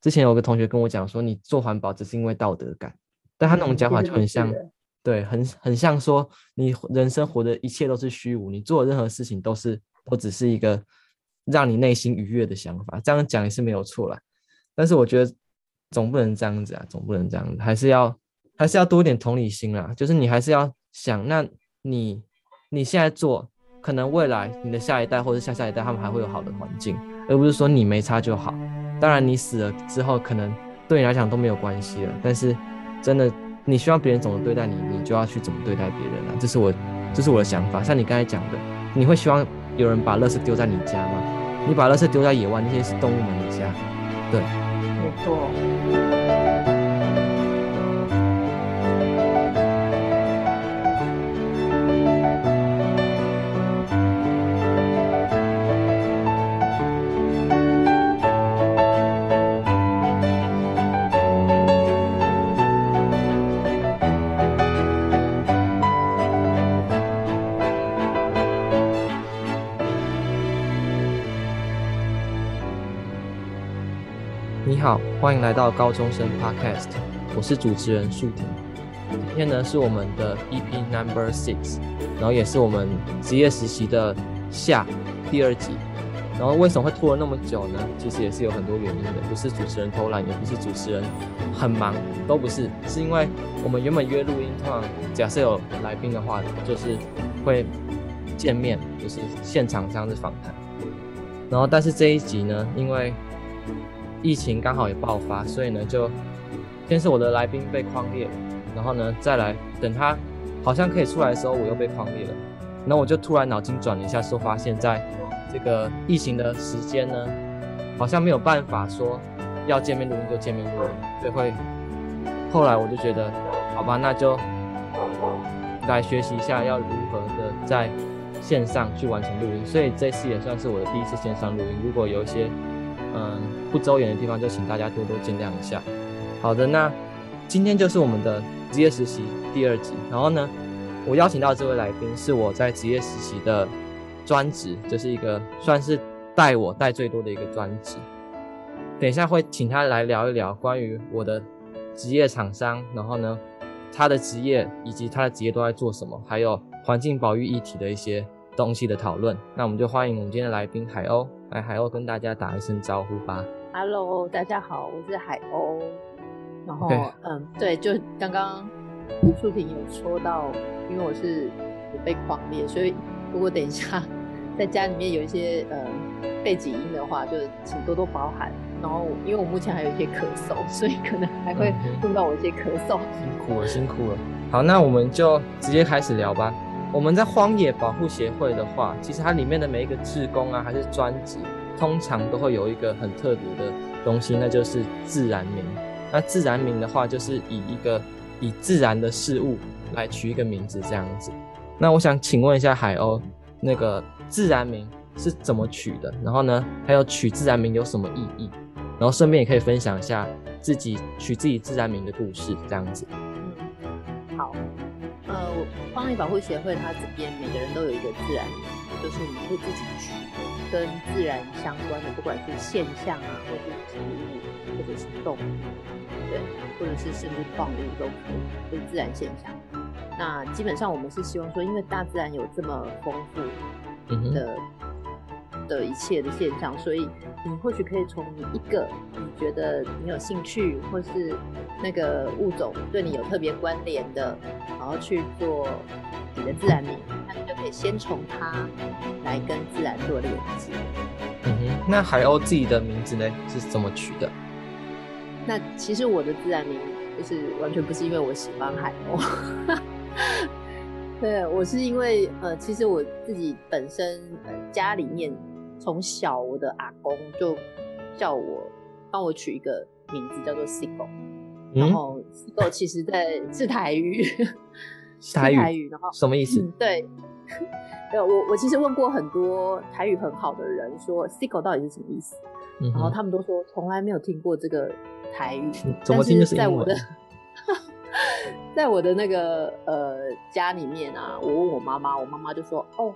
之前有個同學跟我講說，你做環保只是因為道德感，但他那種講法就很像，嗯、是是對，很很像說你人生活的一切都是虛無，你做的任何事情都是或只是一個讓你內心愉悅的想法，這樣講也是沒有錯啦。但是我覺得總不能這樣子啊，總不能這樣子，還是要還是要多一點同理心啦，就是你還是要想，那你你現在做，可能未來你的下一代或者下下一代，他們還會有好的環境，而不是說你沒差就好。當然，你死了之後，可能對你來講都沒有關係了。但是，真的，你希望別人怎麼對待你，你就要去怎麼對待別人啊。這是我，這、就是我的想法。像你剛才講的，你會希望有人把垃圾丟在你家嗎？你把垃圾丟在野外，那些是動物們的家。對，沒錯。歡迎來到高中生 Podcast，我是主持人舒婷。今天呢，是我們的 EP Number Six，然後也是我們職業實習的下第二集。然後為什麼會拖了那麼久呢？其實也是有很多原因的，不是主持人偷懶，也不是主持人很忙，都不是，是因為我們原本約錄音，通常假設有來賓的話呢，就是會見面，就是現場這樣的訪談。然後但是這一集呢，因為疫情剛好也爆發，所以呢，就先是我的來賓被匡列，然後呢，再來等他好像可以出來的時候，我又被匡列了。那我就突然腦筋轉了一下，說，發現在這個疫情的時間呢，好像沒有辦法說要見面錄音就見面錄音。所以會後來我就覺得，好吧，那就來學習一下要如何的在線上去完成錄音。所以這次也算是我的第一次線上錄音。如果有一些嗯，不周延的地方就請大家多多見諒一下。好的，那今天就是我們的職業實習第二集。然後呢，我邀請到這位來賓是我在職業實習的專職，就是一個算是帶我帶最多的一個專職。等一下會請他來聊一聊關於我的職業廠商，然後呢，他的職業以及他的職業都在做什麼，還有環境保育議題的一些東西的討論。那我們就歡迎我們今天的來賓海鷗。來，海鷗跟大家打一聲招呼吧。Hello，大家好，我是海鷗。然後，okay. 嗯，對，就剛剛，視頻有說到，因為我是有被狂烈，所以如果等一下在家裡面有一些呃、嗯、背景音的話，就請多多包涵。然後，因為我目前還有一些咳嗽，所以可能還會碰到我一些咳嗽、okay. 是是。辛苦了，辛苦了。好，那我們就直接開始聊吧。我們在荒野保護協會的話，其實它裡面的每一個志工啊，還是專職，通常都會有一個很特別的東西，那就是自然名。那自然名的話，就是以一個以自然的事物來取一個名字這樣子。那我想請問一下海，海鷗那個自然名是怎麼取的？然後呢，還有取自然名有什麼意義？然後順便也可以分享一下自己取自己自然名的故事這樣子。嗯，好。荒野保護協會，它這邊每個人都有一個自然名，就是你會自己取跟自然相關的，不管是現象啊，或是植物，或者是動物，對，或者是甚至礦物都可以，就是自然現象。那基本上我們是希望說，因為大自然有這麼豐富的、嗯。的一切的現象，所以你或許可以從一個你覺得你有興趣，或是那個物種對你有特別關聯的，然後去做你的自然名，那你就可以先從它來跟自然做連接。嗯哼，那海鷗自己的名字呢，是怎麼取的？那其實我的自然名就是完全不是因為我喜歡海鷗， 對，我是因為呃，其實我自己本身呃家裡面。從小，我的阿公就叫我幫我取一個名字，叫做 Sickle、嗯、然後 Sickle 其實在是台語， 台，語台語，然後什麼意思？嗯、對，對，我我其實問過很多台語很好的人，說 Sickle 到底是什麼意思，嗯、然後他們都說從來沒有聽過這個台語。怎麼聽是，但是在我的， 在我的那個呃家裡面啊？我問我媽媽，我媽媽就說：“哦。”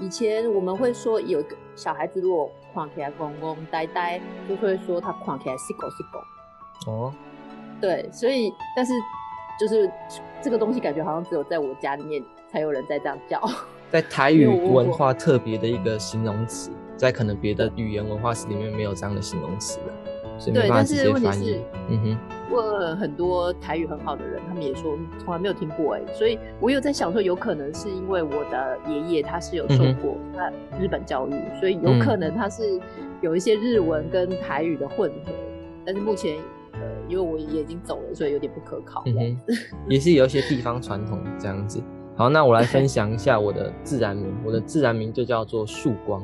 以前我們會說有一個小孩子如果狂起來，公公呆呆，就會說他狂起來是狗是狗。哦，對，所以但是就是這個東西感覺好像只有在我家裡面才有人在這樣叫，在台語文化特別的一個形容詞， 在可能別的語言文化史裡面沒有這樣的形容詞的，所以沒辦法直接翻譯。嗯哼。了很多台語很好的人，他們也說從來沒有聽過哎、欸，所以我有在想說，有可能是因為我的爺爺他是有受過他、嗯、日本教育，所以有可能他是有一些日文跟台語的混合。嗯、但是目前呃，因為我爺爺已經走了，所以有點不可考、嗯。也是有一些地方傳統 這樣子。好，那我來分享一下我的自然名， 我的自然名就叫做樹光。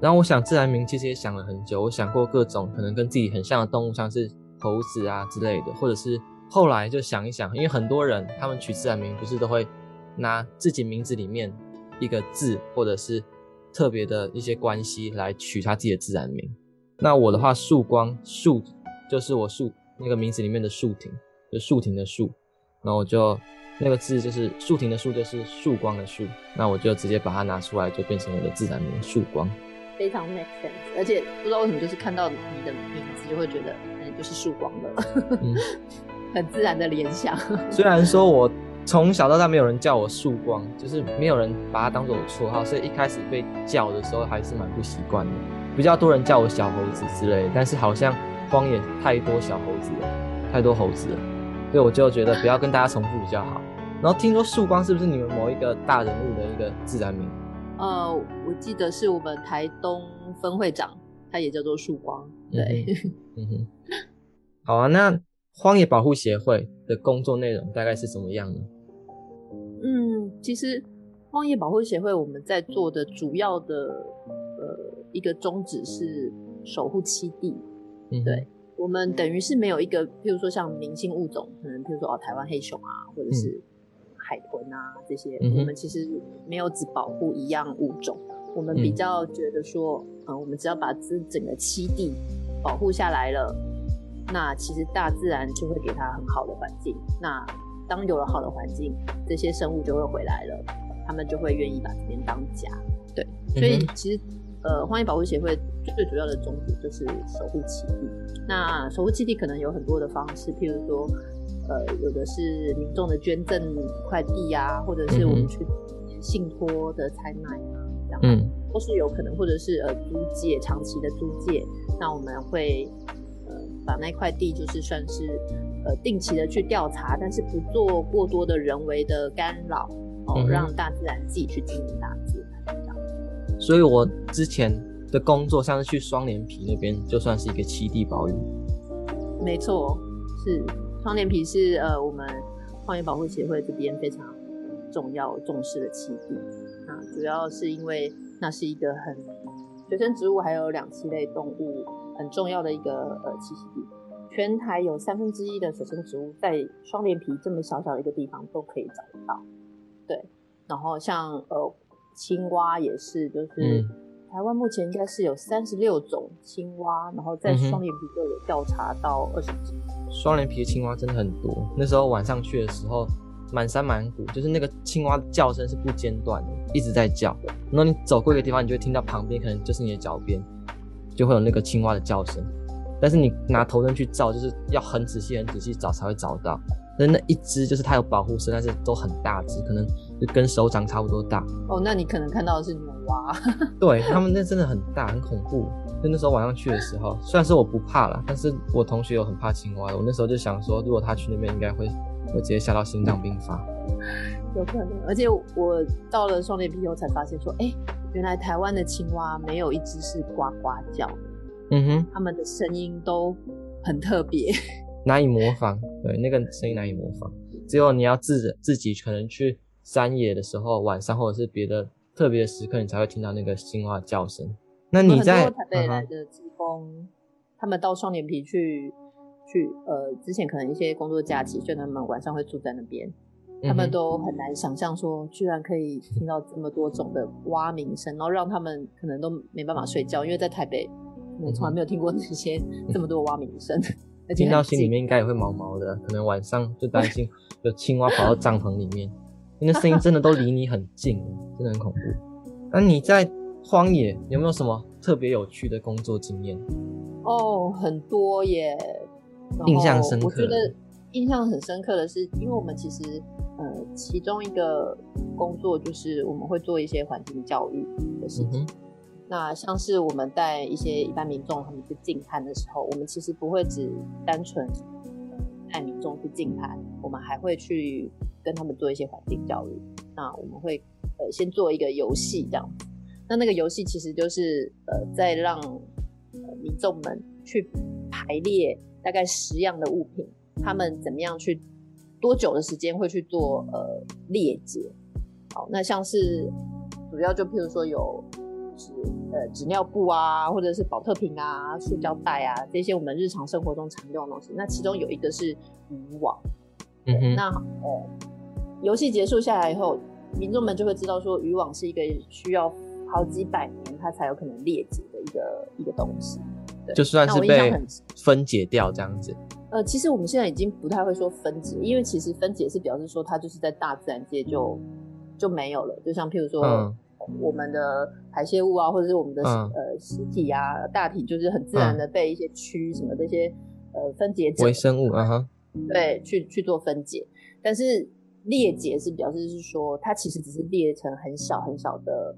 然後我想自然名其實也想了很久，我想過各種可能跟自己很像的動物，像是。猴子啊之類的，或者是後來就想一想，因為很多人他們取自然名不、就是都會拿自己名字裡面一個字，或者是特別的一些關係來取他自己的自然名。那我的話，樹光，樹就是我樹那個名字裡面的樹庭，就樹庭的樹，然後我就那個字就是樹庭的樹，就是樹光的樹，那我就直接把它拿出來，就變成我的自然名樹光。非常 make sense，而且不知道為什麼，就是看到你的名字就會覺得，哎、嗯，就是束光了、 嗯，很自然的聯想。雖然說我從小到大沒有人叫我束光，就是沒有人把它當做我綽號、嗯，所以一開始被叫的時候還是蠻不習慣的。比較多人叫我小猴子之類，但是好像荒野太多小猴子了，太多猴子了，所以我就覺得不要跟大家重複比較好。 然後聽說束光是不是你們某一個大人物的一個自然名？呃，我記得是我們台東分會長，他也叫做樹光，對嗯，嗯哼，好啊。那荒野保護協會的工作內容大概是怎麼樣呢？嗯，其實荒野保護協會我們在做的主要的呃一個宗旨是守護棲地、嗯，對，我們等於是沒有一個，譬如說像明星物種，可能譬如說哦台灣黑熊啊，或者是。嗯海豚啊，這些、嗯、我們其實沒有只保護一樣物種，我們比較覺得說，嗯、呃，我們只要把這整個棲地保護下來了，那其實大自然就會給它很好的環境。那當有了好的環境，這些生物就會回來了，他們就會願意把這邊當家。對、嗯，所以其實呃，荒野保護協會最主要的宗旨就是守護棲地。那守護棲地可能有很多的方式，譬如說。呃，有的是民眾的捐贈塊地啊，或者是我們去信托的採買啊，嗯嗯嗯嗯，這樣，都是有可能，或者是呃租借，長期的租借，那我們會呃把那塊地就是算是呃定期的去調查，但是不做過多的人為的干擾，哦，嗯嗯嗯，讓大自然自己去經營大自然這樣。所以，我之前的工作像是去雙連埤那邊，就算是一個棲地保育。嗯、沒錯，是。雙連皮是呃，我們荒野保護協會這邊非常重要重視的棲地，主要是因為那是一個很水生植物還有兩棲類動物很重要的一個、呃、棲息地。全台有三分之一的水生植物在雙連埤這麼小小的一個地方都可以找得到，對。然後像呃青蛙也是，就是。嗯台灣目前應該是有三十六種青蛙，然後在雙連埤都有調查到二十種。雙連埤的青蛙真的很多，那時候晚上去的時候，滿山滿谷，就是那個青蛙的叫聲是不間斷的，一直在叫。那你走過一個地方，你就會聽到旁邊可能就是你的腳邊，就會有那個青蛙的叫聲。但是你拿頭燈去照，就是要很仔細、很仔細找才會找到。那那一隻就是它有保護色，但是都很大隻，可能。就跟手掌差不多大哦，oh, 那你可能看到的是牛蛙啊。 對他們那真的很大，很恐怖。就那時候晚上去的時候，雖然說我不怕了，但是我同學有很怕青蛙。我那時候就想說，如果他去那邊，應該會會直接嚇到心臟病發。有可能，而且我，我到了雙連埤以後才發現說，哎，欸，原來台灣的青蛙沒有一隻是呱呱叫。嗯哼，他們的聲音都很特別，難 以模仿。對，那個聲音難以模仿，只有你要自自己可能去。山野的時候，晚上或者是別的特別的時刻，你才會聽到那個青蛙叫聲。那你在很多台北來的志工，嗯，他們到雙連埤去，去呃之前可能一些工作假期，就他們晚上會住在那邊，嗯，他們都很難想象說，居然可以聽到這麼多種的蛙鳴聲，嗯，然後讓他們可能都沒辦法睡覺，因為在台北，嗯，我從來沒有聽過這些這麼多蛙鳴聲，嗯，聽到心裡面應該也會毛毛的，可能晚上就擔心有青蛙跑到帳篷裡面。 你的聲音真的都離你很近， 真的很恐怖。那、啊、你在荒野有沒有什麼特別有趣的工作經驗？哦，很多耶，印象深刻。我覺得印象很深刻的是，因為我們其實呃，其中一個工作就是我們會做一些環境教育的事情。嗯、那像是我們帶一些一般民眾他們去淨灘的時候，我們其實不會只單純帶、呃、民眾去淨灘，我們還會去。跟他們做一些環境教育，那我們會呃先做一個遊戲這樣，那那個遊戲其實就是呃在讓呃民眾們去排列大概十樣的物品，嗯、他們怎麼樣去多久的時間會去做呃裂解？好，那像是主要就譬如說有就是呃紙尿布啊，或者是保特瓶啊、塑膠袋啊、嗯、這些我們日常生活中常用的東西，那其中有一個是漁網、嗯，嗯，那哦。遊戲結束下來以後，民眾們就會知道說，漁網是一個需要好幾百年它才有可能裂解的一個一個東西對，就算是被分解掉這樣子。呃，其實我們現在已經不太會說分解，因為其實分解是表示說它就是在大自然界就就沒有了，就像譬如說我們的排泄物啊，嗯、或者是我們的呃屍體啊、嗯，大體就是很自然的被一些蛆什麼這些呃分解者微生物啊哈、嗯，對，嗯、去去做分解，但是。裂解是表示，是是說它其實只是裂成很小很小的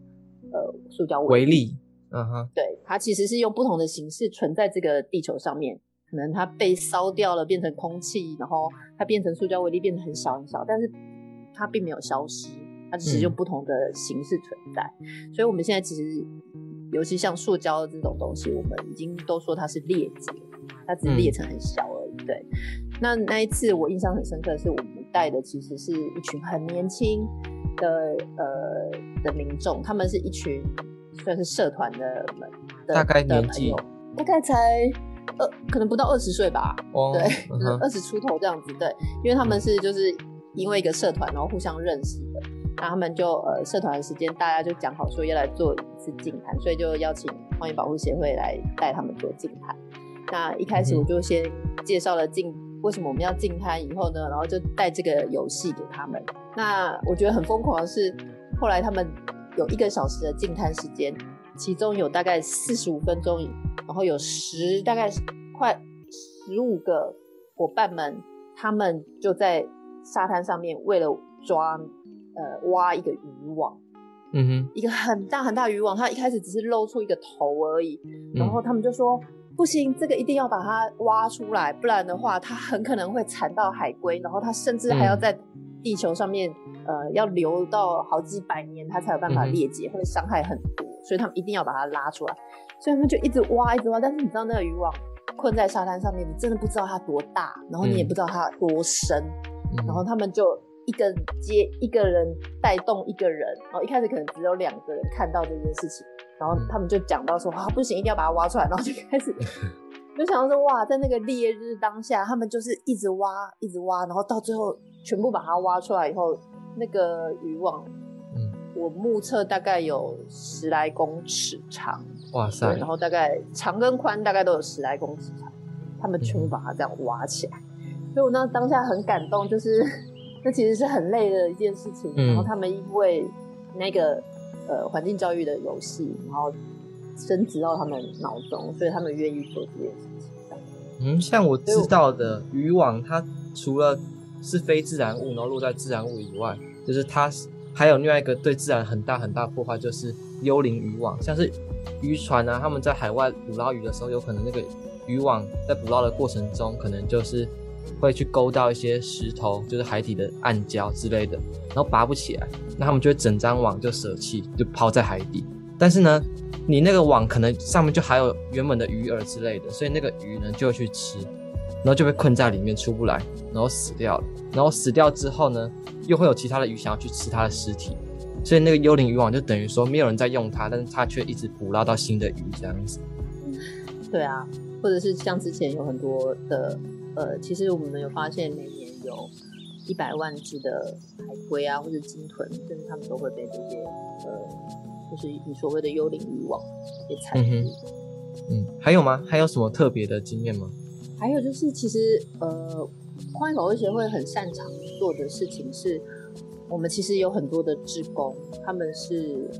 呃塑膠微粒，嗯哼、啊，對，它其實是用不同的形式存在這個地球上面，可能它被燒掉了變成空氣，然後它變成塑膠微粒，變得很小很小，但是它並沒有消失，它只是用不同的形式存在。嗯、所以我們現在其實，尤其像塑膠這種東西，我們已經都說它是裂解，它只是裂成很小而已、嗯。對，那那一次我印象很深刻的是我們。帶的其實是一群很年輕的呃的民眾，他們是一群算是社團的們，大概年紀大概才二、呃，可能不到二十歲吧，oh, 對，uh-huh. 二十出頭這樣子對，因為他們是就是因為一個社團，然後互相認識的，那他們就呃社團時間大家就講好說要來做一次淨灘、嗯，所以就邀請荒野保護協會來帶他們做淨灘。那一開始我就先介紹了淨。嗯為什麼我們要淨灘以後呢？然後就帶這個遊戲給他們。那我覺得很瘋狂的是，後來他們有一個小時的淨灘時間，其中有大概四十五分鐘，然後有十大概快十五個伙伴們，他們就在沙灘上面為了抓呃挖一個漁網，嗯哼，一個很大很大的漁網，他一開始只是露出一個頭而已，然後他們就說。嗯不行，這個一定要把它挖出來，不然的話，它很可能會纏到海龜，然後它甚至還要在地球上面，嗯，呃，要留到好幾百年，它才有辦法裂解，嗯，會傷害很多，所以他們一定要把它拉出來。所以他們就一直挖，一直挖。但是你知道那個漁網困在沙灘上面，你真的不知道它多大，然後你也不知道它多深，嗯，然後他們就一個接一個人帶動一個人，然後一開始可能只有兩個人看到這件事情。然後他們就講到說、嗯，啊，不行，一定要把它挖出來。然後就開始，就想到說，哇，在那個烈日當下，他們就是一直挖，一直挖，然後到最後全部把它挖出來以後，那個漁網、嗯，我目測大概有十來公尺長，哇塞，然後大概長跟寬大概都有十來公尺長，他們全部把它這樣挖起來、嗯，所以我那當下很感動，就是，那其實是很累的一件事情，嗯、然後他們因為那個。呃，環境教育的遊戲，然後升級到他們腦中，所以他們願意做這件事情。嗯，像我知道的漁網，它除了是非自然物，然後落在自然物以外，就是它還有另外一個對自然很大很大破壞，就是幽靈漁網，像是漁船啊，他們在海外捕撈魚的時候，有可能那個漁網在捕撈的過程中，可能就是。會去勾到一些石頭，就是海底的暗礁之類的，然後拔不起來，那他們就會整張網就捨棄，就拋在海底。但是呢，你那個網可能上面就還有原本的魚餌之類的，所以那個魚呢就會去吃，然後就被困在裡面出不來，然後死掉了。然後死掉之後呢，又會有其他的魚想要去吃它的屍體，所以那個幽靈漁網就等於說沒有人在用它，但是它卻一直捕撈到新的魚這樣子。嗯，對啊，或者是像之前有很多的。呃，其實我們有發現，每年有一百萬隻的海龜啊，或者鯨豚，甚至他們都會被這些呃，就是以所謂的幽靈漁網給纏住、嗯。嗯，還有嗎？還有什麼特別的經驗嗎？還有就是，其實呃，荒野保護協會很擅長做的事情是，我們其實有很多的志工，他們是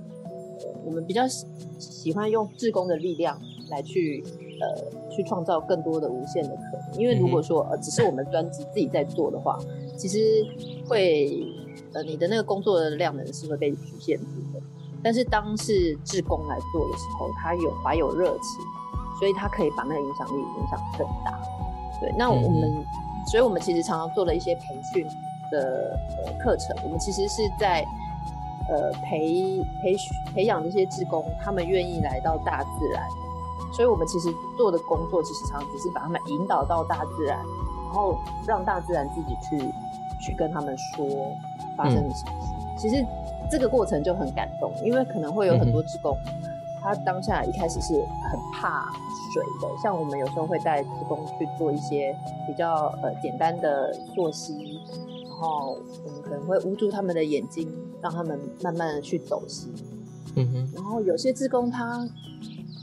我們比較喜歡用志工的力量來去。呃，去創造更多的無限的可能，因為如果說呃，只是我們專職自己在做的話，其實會呃，你的那個工作的量能是會被局限住的。但是當是志工來做的時候，他有懷有熱情，所以他可以把那個影響力影響更大。對，那我們、嗯，所以我們其實常常做了一些培訓的、呃、課程，我們其實是在呃培培培養這些志工，他們願意來到大自然。所以，我們其實做的工作，其實常常只是把他們引導到大自然，然後讓大自然自己去，去跟他們說發生了什麼事、嗯。其實這個過程就很感動，因為可能會有很多志工、嗯，他當下一開始是很怕水的。像我們有時候會帶志工去做一些比較呃簡單的溯溪，然後我們可能會捂住他們的眼睛，讓他們慢慢的去溯溪。嗯哼，然後有些志工他。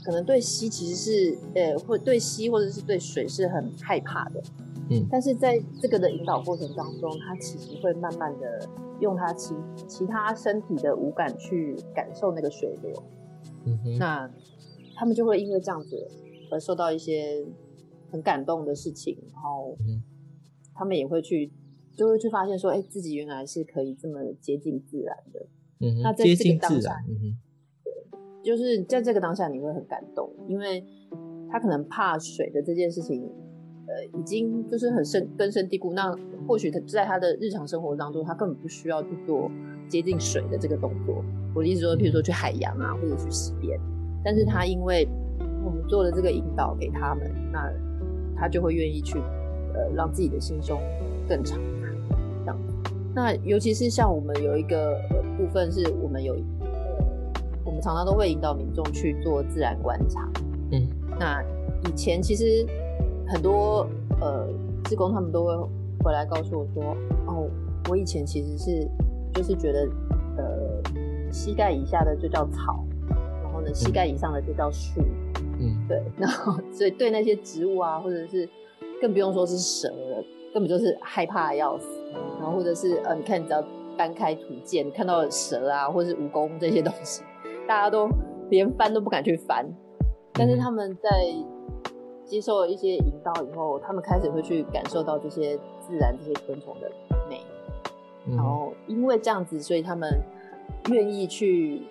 可能對溪其實是，呃、欸，會對溪或者是對水是很害怕的，嗯，但是在這個的引導過程當中，他其實會慢慢的用他其其他身體的五感去感受那個水流，嗯、那他們就會因為這樣子而受到一些很感動的事情，然後，嗯、他們也會去，就會去發現說，哎、欸，自己原來是可以這麼接近自然的，嗯、那接近自然，嗯就是在這個當下，你會很感動，因為他可能怕水的這件事情，呃，已經就是很深根深蒂固。那或許他在他的日常生活當中，他根本不需要去做接近水的這個動作。我的意思說，譬如說去海洋啊，或者去溪邊，但是他因為我們做了這個引導給他們，那他就會願意去，呃，讓自己的心胸更長。這樣，那尤其是像我們有一個、呃、部分是我們有。常常都會引導民眾去做自然觀察。嗯，那以前其實很多呃，志工他們都會回來告訴我說，哦，我以前其實是就是覺得呃，膝蓋以下的就叫草，然後呢，膝蓋以上的就叫樹。嗯，對，然後所以對那些植物啊，或者是更不用說是蛇了，根本就是害怕要死，嗯，然後或者是呃，你看你只要搬開土建，看到蛇啊，或是蜈蚣這些東西。大家都連翻都不敢去翻，嗯、但是他們在接受了一些引導以後，他們開始會去感受到這些自然、這些昆蟲的美，嗯，然後因為這樣子，所以他們願意去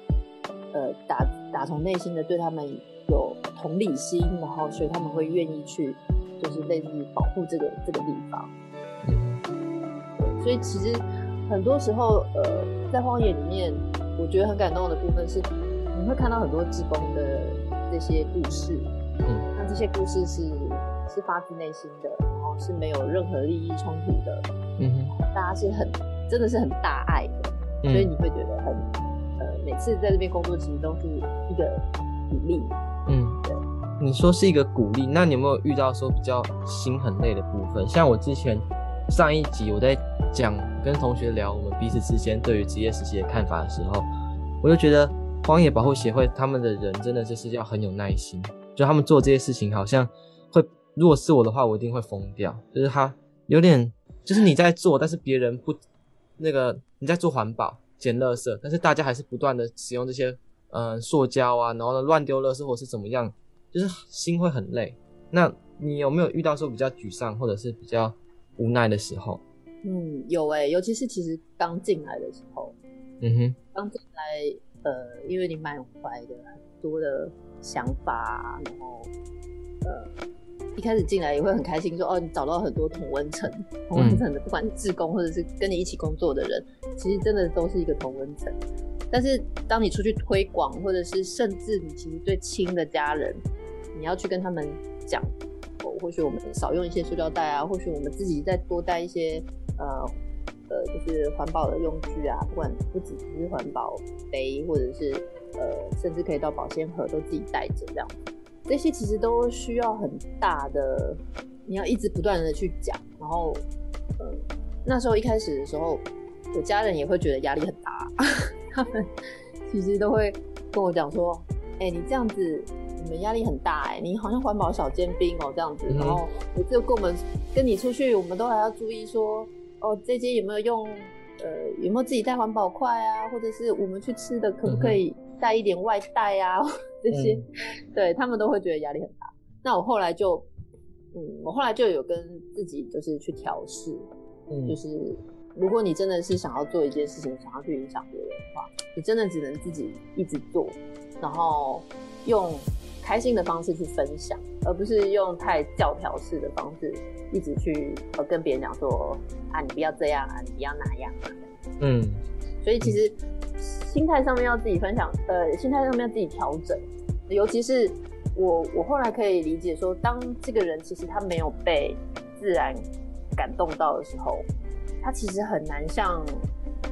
呃打打從內心的對他們有同理心，然後所以他們會願意去，就是類似於保護這個這個地方，嗯對。所以其實很多時候，呃，在荒野裡面，我覺得很感動的部分是，你會看到很多志工的這些故事，嗯，那這些故事是是發自內心的，然後是沒有任何利益衝突的，嗯哼，大家是很真的是很大愛的，嗯、所以你會覺得很呃每次在這邊工作其實都是一個鼓勵，嗯對，你說是一個鼓勵，那你有沒有遇到說比較心很累的部分？像我之前上一集我在講跟同學聊我們彼此之間對於職業實習的看法的時候，我就覺得。荒野保護協會，他們的人真的就是要很有耐心，就他們做這些事情，好像會，如果是我的話，我一定會瘋掉。就是他有點，就是你在做，但是別人不，那個你在做環保、撿垃圾，但是大家還是不斷的使用這些，嗯、呃，塑膠啊，然後呢亂丟垃圾或者是怎麼樣，就是心會很累。那你有沒有遇到說比較沮喪或者是比較無奈的時候？嗯，有誒、欸，尤其是其實剛進來的時候，嗯哼，剛進來。呃，因為你滿懷的很多的想法，然後呃，一開始進來也會很開心說，說哦，你找到很多同溫層，同溫層的，不管是志工或者是跟你一起工作的人，其實真的都是一個同溫層。但是當你出去推廣，或者是甚至你其實最親的家人，你要去跟他們講，哦，或許我們少用一些塑料袋啊，或許我們自己再多帶一些呃。呃，就是環保的用具啊，不管不只是環保杯，或者是呃，甚至可以到保鮮盒都自己帶着這樣子。這些其實都需要很大的，你要一直不斷的去講。然後，嗯、呃，那時候一開始的時候，我家人也會覺得壓力很大， 他們其實都會跟我講說：“誒、欸，你這樣子，你們壓力很大誒、欸，你好像環保小尖兵哦、喔，這樣子。”然後，每次跟我們跟你出去，我們都還要注意說。哦，這些有沒有用？呃，有沒有自己帶環保筷啊？或者是我們去吃的，可不可以帶一點外帶啊？嗯、這些，嗯、對，他們都會覺得壓力很大。那我後來就，嗯，我後來就有跟自己就是去調試、嗯，就是如果你真的是想要做一件事情，想要去影響別人的話，你真的只能自己一直做，然後用開心的方式去分享。而不是用太教條式的方式，一直去呃跟別人講說啊，你不要這樣啊，你不要那樣啊，嗯，所以其實心態上面要自己分享，呃心態上面要自己調整，尤其是我我後來可以理解說，當這個人其實他沒有被自然感動到的時候，他其實很難像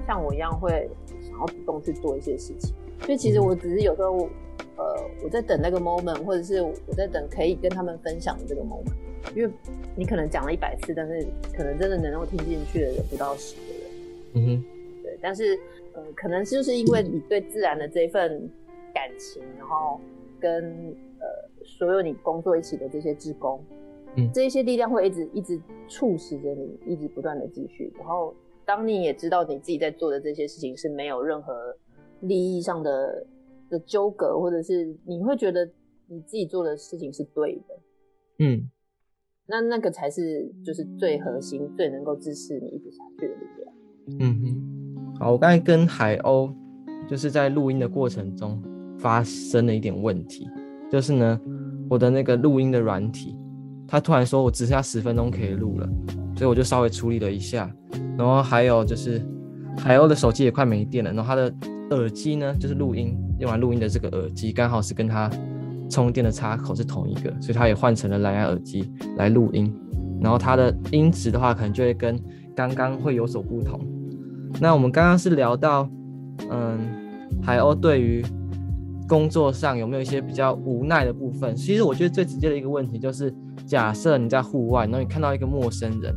像我一樣會想要主動去做一些事情，所以其實我只是有時候，嗯呃，我在等那個 moment，或者是我在等可以跟他們分享的這個 moment，因為你可能講了一百次，但是可能真的能夠聽進去的人不到十個人。嗯哼，對。但是，呃，可能就是因為你對自然的這份感情，然後跟呃所有你工作一起的這些志工，嗯，這些力量會一直一直促使着你，一直不斷的繼續。然後，當你也知道你自己在做的這些事情是沒有任何利益上的。糾葛，或者是你會覺得你自己做的事情是對的，嗯，那那個才是就是最核心、最能夠支持你一直下去的力量。嗯哼，好，我剛才跟海鷗就是在錄音的過程中發生了一點問題，就是呢，我的那個錄音的軟體它突然說我只剩下十分鐘可以錄了，所以我就稍微處理了一下。然後還有就是海鷗的手機也快沒電了，然後它的耳機呢就是錄音。用來錄音的這個耳機，剛好是跟它充電的插口是同一個，所以它也換成了藍牙耳機來錄音。然後它的音質的話，可能就會跟剛剛會有所不同。那我們剛剛是聊到，嗯，海鷗對於工作上有沒有一些比較無奈的部分？其實我覺得最直接的一個問題就是，假設你在戶外，然後你看到一個陌生人，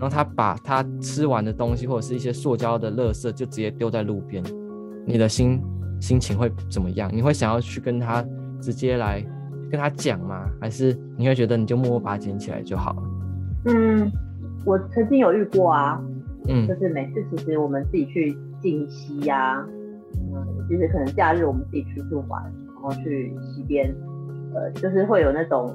然後他把他吃完的東西或者是一些塑膠的垃圾就直接丟在路邊，你的心。心情會怎麼樣？你會想要去跟他直接來跟他講嗎？還是你會覺得你就默默把它撿起來就好了？嗯，我曾經有遇過啊，嗯，就是每次其實我們自己去淨溪呀，嗯，就是可能假日我們自己出去玩，然後去溪邊，呃，就是會有那種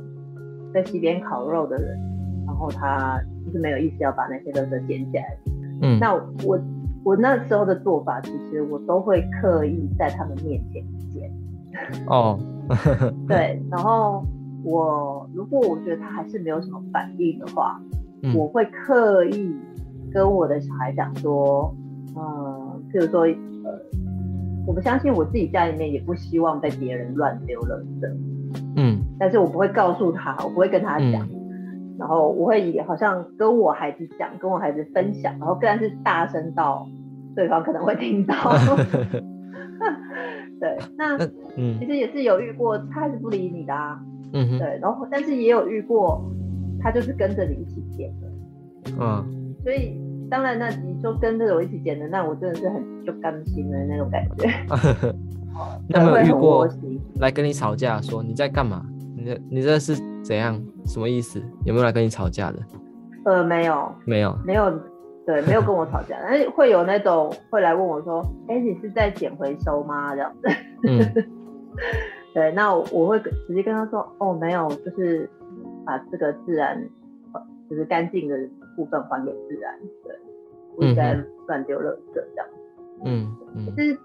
在溪邊烤肉的人，然後他就是沒有意思要把那些東西撿起來，嗯，那我。我我那時候的做法，其實我都會刻意在他們面前撿。哦，對，然後我如果我覺得他還是沒有什麼反應的話，嗯、我會刻意跟我的小孩講說，呃，譬如說，呃，我不相信我自己家裡面也不希望被別人亂丟垃圾，嗯，但是我不會告訴他，我不會跟他講。嗯然後我會以好像跟我孩子講，跟我孩子分享，然後更然是大聲到對方可能會聽到。 對，那其實也是有遇過，他還是不理你的啊。嗯對，然後但是也有遇過，他就是跟着你一起撿的。嗯。所以當然，那你說跟着我一起撿的，那我真的是很就甘心的那種感覺。 那有沒有遇過來跟你吵架，說你在幹嘛？你你這是怎樣？什麼意思？有沒有來跟你吵架的？呃，沒有，沒有，沒有，對，沒有跟我吵架。但 會有那種會來問我說：“哎、欸，你是在撿回收嗎？”這樣子。嗯。對，那我，我會直接跟他說：“哦、喔，沒有，就是把這個自然，就是乾淨的部分還給自然，對，不再亂丟了這，這樣。”嗯嗯。其實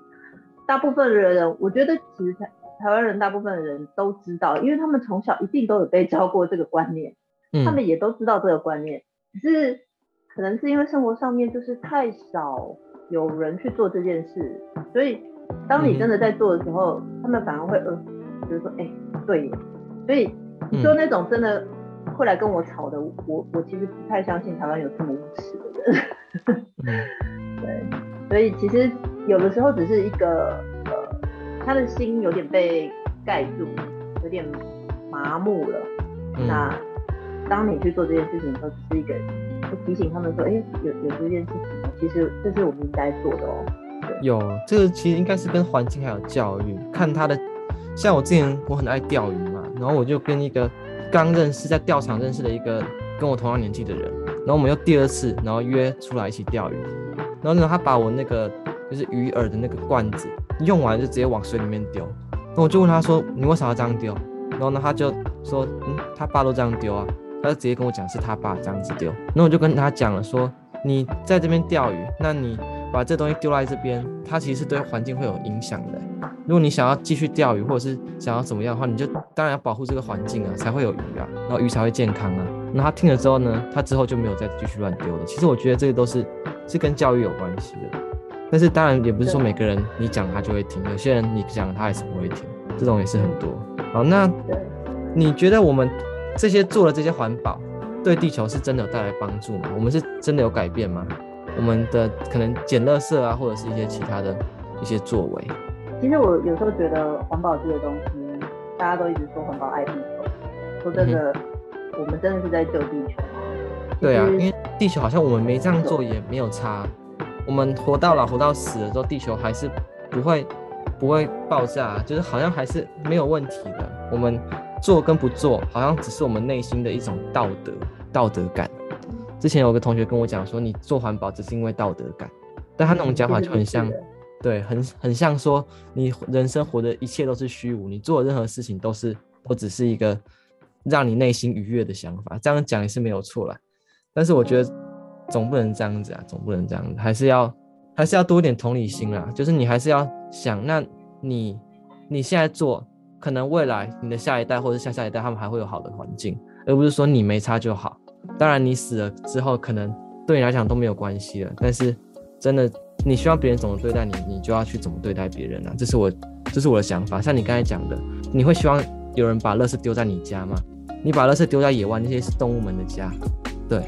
大部分的人，我覺得其實他。台灣人大部分的人都知道，因為他們從小一定都有被教過這個觀念，他們也都知道這個觀念。嗯、只是可能是因為生活上面就是太少有人去做這件事，所以當你真的在做的時候，嗯、他們反而會呃，就是說，哎、欸，對。所以說那種真的會來跟我吵的，嗯、我我其實不太相信台灣有這麼無恥的人。 對，所以其實有的時候只是一個。他的心有點被蓋住，有點麻木了、嗯。那當你去做這件事情的時候，是一個提醒他們說：“誒、欸，有有這件事情，其實這是我們應該做的哦、喔。對”有這個其實應該是跟環境還有教育，看他的。像我之前我很愛釣魚嘛，然後我就跟一個剛認識在釣場認識的一個跟我同樣年紀的人，然後我們又第二次，然後約出來一起釣魚，然後呢，他把我那個就是魚餌的那個罐子。用完就直接往水裡面丟，那我就問他說：“你為什麼要這樣丟？”然後呢，他就說：“嗯，他爸都這樣丟啊。”他就直接跟我講是他爸這樣子丟。那我就跟他講了說：“你在這邊釣魚，那你把這東西丟在這邊，它其實是對環境會有影響的欸。如果你想要繼續釣魚，或者是想要怎麼樣的話，你就當然要保護這個環境啊，才會有魚啊，然後魚才會健康啊。”那他聽了之後呢，他之後就沒有再繼續亂丟了。其實我覺得這個都是是跟教育有關係的。但是當然也不是說每個人你講他就會聽，有些人你講他還是不會聽，這種也是很多。好，那你覺得我們這些做了這些環保，對地球是真的有帶來幫助嗎？我們是真的有改變嗎？我們的可能撿垃圾啊，或者是一些其他的一些作為。其實我有時候覺得環保這個東西，大家都一直說環保愛地球，說真的，嗯，我們真的是在救地球。對啊，因為地球好像我們沒這樣做也沒有差。我們活到老，活到死的時候，地球還是不會不會爆炸啊，就是好像還是沒有問題的。我們做跟不做，好像只是我們內心的一種道德道德感。之前有個同學跟我講說，你做環保只是因為道德感，但他那種講法就很像，嗯、對，很很像說你人生活的一切都是虛無，你做的任何事情都是都只是一個讓你內心愉悅的想法。這樣講也是沒有錯啦，但是我覺得。總不能這樣子啊，總不能這樣子，還是要還是要多一點同理心啦。就是你還是要想，那你你現在做，可能未來你的下一代或者下下一代，他們還會有好的環境，而不是說你沒差就好。當然你死了之後，可能對你來講都沒有關係了。但是真的，你希望別人怎麼對待你，你就要去怎麼對待別人啊。這是我這是我的想法。像你剛才講的，你會希望有人把垃圾丟在你家嗎？你把垃圾丟在野外，那些是動物們的家。對，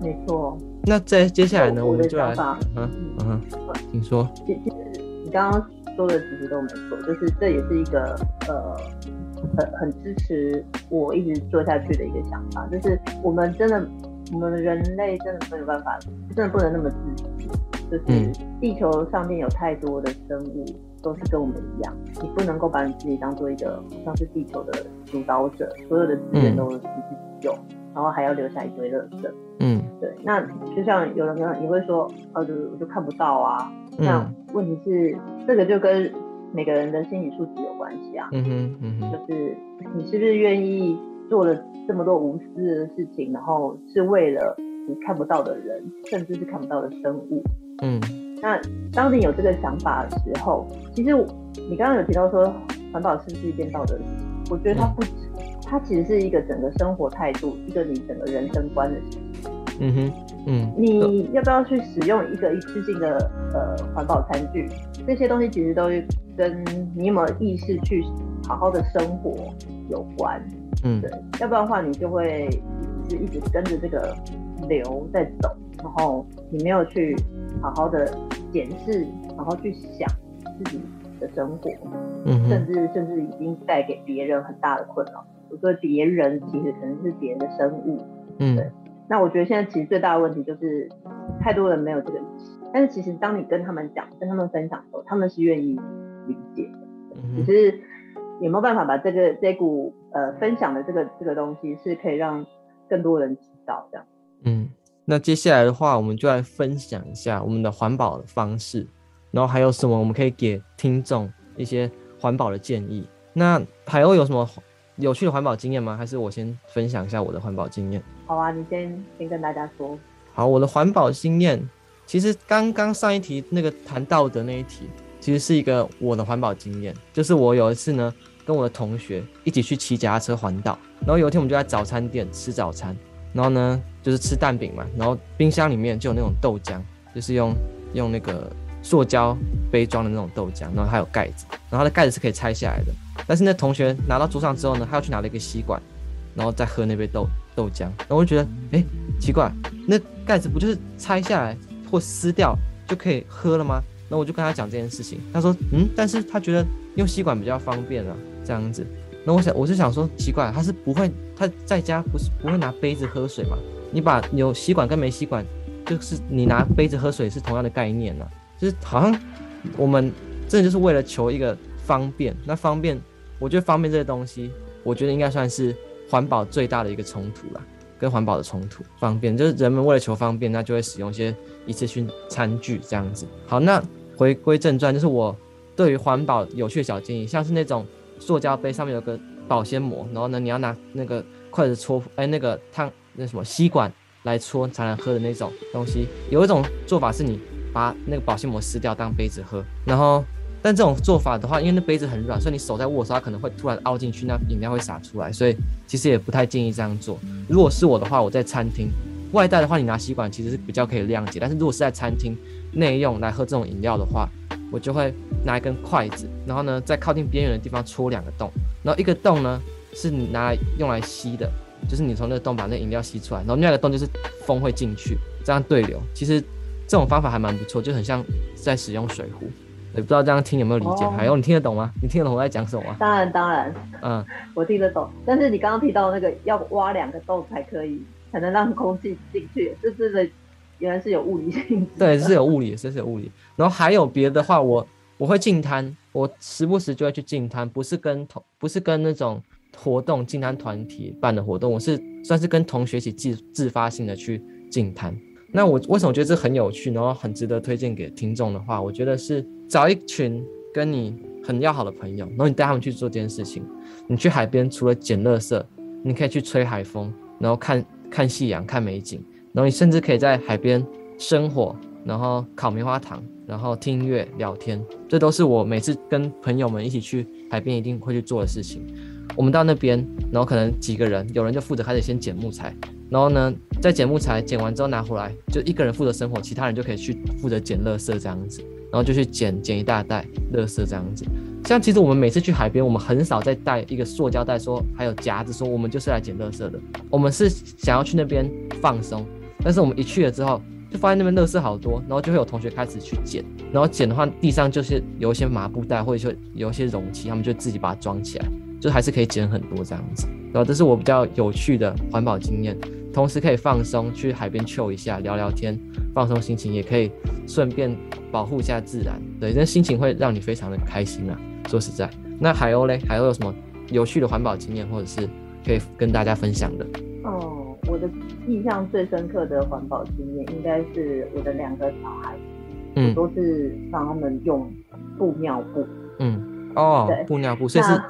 沒錯。那在接下來呢，嗯、我們就來，嗯嗯、啊，嗯，請說。其其實你剛剛說的其實都沒錯，就是這也是一個呃很很支持我一直做下去的一個想法，就是我們真的，我們人類真的沒有辦法，真的不能那麼自私。就是地球上面有太多的生物都是跟我們一樣，你不能夠把你自己當做一個好像是地球的主導者，所有的資源都你自己用，嗯，然後還要留下一堆垃圾。嗯。對，那就像有人可能你會說，是、啊、我就，就，就看不到啊、嗯。那問題是，這個就跟每個人的心理素質有關係啊。嗯嗯嗯，就是你是不是願意做了這麼多無私的事情，然後是為了你看不到的人，甚至是看不到的生物？嗯，那當你有這個想法的時候，其實你剛剛有提到說，環保是不是一件道德的事情。我覺得它不、嗯、它其實是一個整個生活態度，一個你整個人生觀的事情。嗯哼，嗯，你要不要去使用一個一次性的呃環保餐具？這些東西其實都是跟你有沒有意識去好好的生活有關。嗯，對，要不然的話，你就會你是一直跟着這個流在走，然後你沒有去好好的檢視，好好去想自己的生活，嗯，甚至甚至已經帶給別人很大的困擾。我說別人其實可能是別人的生物，嗯，對。那我覺得現在其實最大的問題就是，太多人沒有這個意識。但是其實當你跟他們講、跟他們分享的時候，他們是願意理解的。只是、嗯、有沒有辦法把這個這股呃分享的這個這個東西，是可以讓更多人知道的這樣。嗯，那接下來的話，我們就來分享一下我們的環保的方式，然後還有什麼我們可以給聽眾一些環保的建議。那海鷗有什麼？有趣的環保經驗嗎？還是我先分享一下我的環保經驗？好啊，你先先跟大家說。好，我的環保經驗，其實剛剛上一題那個談道德那一題，其實是一個我的環保經驗，就是我有一次呢，跟我的同學一起去騎腳踏車環島，然後有一天我們就在早餐店吃早餐，然後呢就是吃蛋餅嘛，然後冰箱裡面就有那種豆漿，就是用用那個塑膠杯裝的那種豆漿，然後還有蓋子，然後它的蓋子是可以拆下來的。但是那同學拿到桌上之後呢，他又去拿了一個吸管，然後再喝那杯豆豆漿。然後我就覺得，誒，奇怪，那蓋子不就是拆下來或撕掉就可以喝了嗎？那我就跟他講這件事情，他說，嗯，但是他覺得用吸管比較方便啊。這樣子。那我想，我是想說，奇怪，他是不會，他在家不是不會拿杯子喝水嗎？你把有吸管跟沒吸管，就是你拿杯子喝水是同樣的概念呢，就是好像我們真的就是為了求一個。方便，那方便，我覺得方便這個東西，我覺得應該算是環保最大的一個衝突了，跟環保的衝突。方便就是人們為了求方便，那就會使用一些一次性餐具這樣子。好，那回歸正傳，就是我對於環保有些小建議，像是那種塑膠杯上面有個保鮮膜，然後呢你要拿那個筷子戳，哎，那個燙，那什麼，吸管來戳才能喝的那種東西。有一種做法是你把那個保鮮膜撕掉當杯子喝，然後。但這種做法的話，因為那杯子很軟，所以你手在握的時候，它可能會突然凹進去，那飲料會灑出來，所以其實也不太建議這樣做。如果是我的話，我在餐廳外帶的話，你拿吸管其實是比較可以諒解。但是如果是在餐廳內用來喝這種飲料的話，我就會拿一根筷子，然後呢，在靠近邊緣的地方戳兩個洞，然後一個洞呢是你拿來用來吸的，就是你從那個洞把那飲料吸出來，然後另外一個洞就是風會進去，這樣對流。其實這種方法還蠻不錯，就很像在使用水壺。也不知道這樣聽有沒有理解？Oh, 還有你聽得懂嗎？你聽得懂我在講什麼嗎？當然當然，嗯，我聽得懂。但是你剛剛提到的那個要挖兩個洞才可以，才能讓空氣進去，這真的原來是有物理性質。對，是有物理，這是有物理。然後還有別的話，我我會淨灘，我時不時就會去淨灘，不是跟同不是跟那種活動淨灘團體辦的活動，我是算是跟同學一起自自發性的去淨灘。那我為什麼覺得這很有趣，然後很值得推薦給聽眾的話，我覺得是找一群跟你很要好的朋友，然後你帶他們去做這件事情。你去海邊除了撿垃圾，你可以去吹海風，然後看看夕陽、看美景，然後你甚至可以在海邊生火，然後烤棉花糖，然後聽音樂、聊天。這都是我每次跟朋友們一起去海邊一定會去做的事情。我們到那邊，然後可能幾個人，有人就負責開始先撿木材。然後呢，在撿木材，撿完之後拿回來，就一個人負責生火，其他人就可以去負責撿垃圾這樣子。然後就去撿，撿一大袋垃圾這樣子。像其實我們每次去海邊，我們很少再帶一個塑膠袋說，說還有夾子說，說我們就是來撿垃圾的。我們是想要去那邊放鬆，但是我們一去了之後，就發現那邊垃圾好多，然後就會有同學開始去撿。然後撿的話，地上就是有一些麻布袋，或者說有一些容器，他們就自己把它裝起來。就還是可以撿很多這樣子，然後這是我比較有趣的環保經驗，同時可以放鬆，去海邊 chill 一下，聊聊天，放鬆心情，也可以順便保護一下自然。對，這心情會讓你非常的開心啊！說實在，那海鷗嘞，海鷗有什麼有趣的環保經驗，或者是可以跟大家分享的？嗯、哦，我的印象最深刻的環保經驗，應該是我的兩個小孩，嗯，都是讓他們用布尿布。嗯，哦，對布尿布，所以是。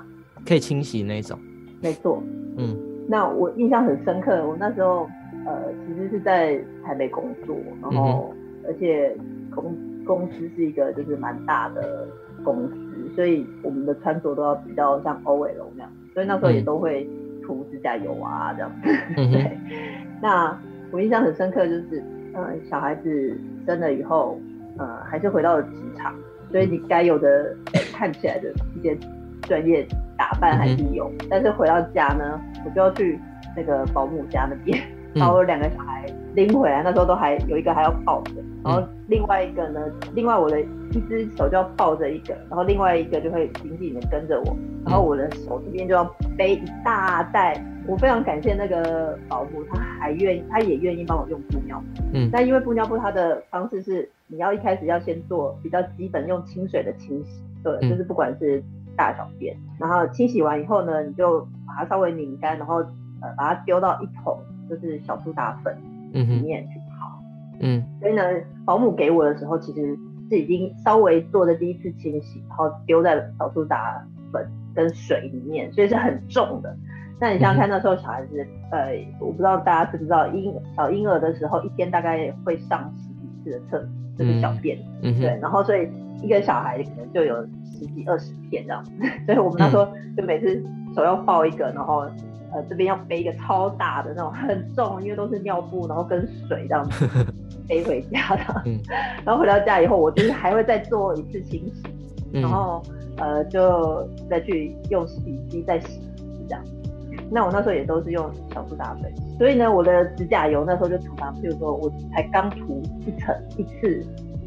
可以清洗那一種，沒錯，嗯，那我印象很深刻。我那時候呃，其實是在台北工作，然後、嗯、而且公公司是一個就是蠻大的公司，所以我們的穿着都要比較像 OL 那樣，所以那時候也都會塗指甲油啊這樣。嗯、 對、嗯，那我印象很深刻，就是呃小孩子生了以後呃還是回到了職場，所以你該有的、嗯呃、看起來的一些專業。打扮還是有嗯嗯，但是回到家呢，我就要去那個保姆家那邊，把、嗯、我兩個小孩拎回來。那時候都還有一個還要抱着、嗯，然後另外一個呢，另外我的一隻手就要抱着一個，然後另外一個就會緊緊的跟着我，然後我的手這邊就要背一大袋、嗯。我非常感謝那個保姆，他還願意，他也願意幫我用布尿布。嗯，那因為布尿布它的方式是，你要一開始要先做比較基本用清水的清洗，對，嗯、就是不管是。大小便，然後清洗完以後呢，你就把它稍微擰乾，然後呃把它丟到一桶就是小蘇打粉裡面去泡、嗯。嗯，所以呢，保姆給我的時候其實是已經稍微做的第一次清洗，然後丟在小蘇打粉跟水裡面，所以是很重的。那你像看那時候小孩子，嗯、呃，我不知道大家知不知道，嬰小嬰兒的時候一天大概會上。這個測就是小便、嗯嗯，對，然後所以一個小孩可能就有十幾二十片這樣，所以我們那時候就每次手要抱一個，然後呃這邊要背一個超大的那種很重，因為都是尿布，然後跟水這樣子 背回家的，然後回到家以後，我就是還會再做一次清洗，然後呃就再去用洗衣機再洗這樣。那我那時候也都是用小蘇打水，所以呢，我的指甲油那時候就塗嘛，譬如說我才剛塗一層一次，